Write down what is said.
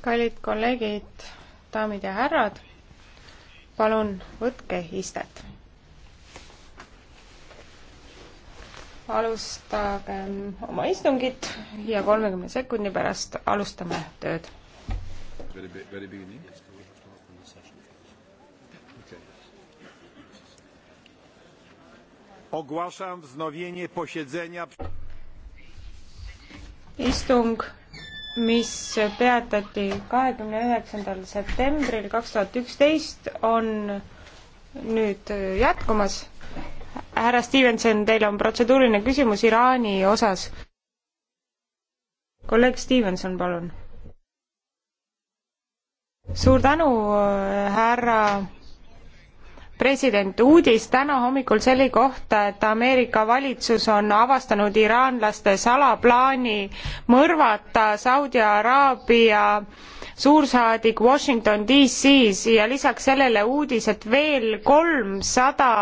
kallid kolleegid, daamid ja härrad, palun võtke istet. alustagem oma istungit ja kolmekümne sekundi pärast alustame tööd. Very, very beginning. ogłaszam wznowienie posiedzenia istung mis peatati kahekümne üheksandal septembril kaks tuhat üksteist, on nüüd jätkumas. härra Stevenson, teil on protseduuriline küsimus Iraani osas. kolleeg Stevenson, palun. suur tänu, äh, härra president uudis täna hommikul selle kohta, et Ameerika valitsus on avastanud iraanlaste salaplaani mõrvata Saudi Araabia suursaadik Washington DC-s ja lisaks sellele uudis, et veel kolmsada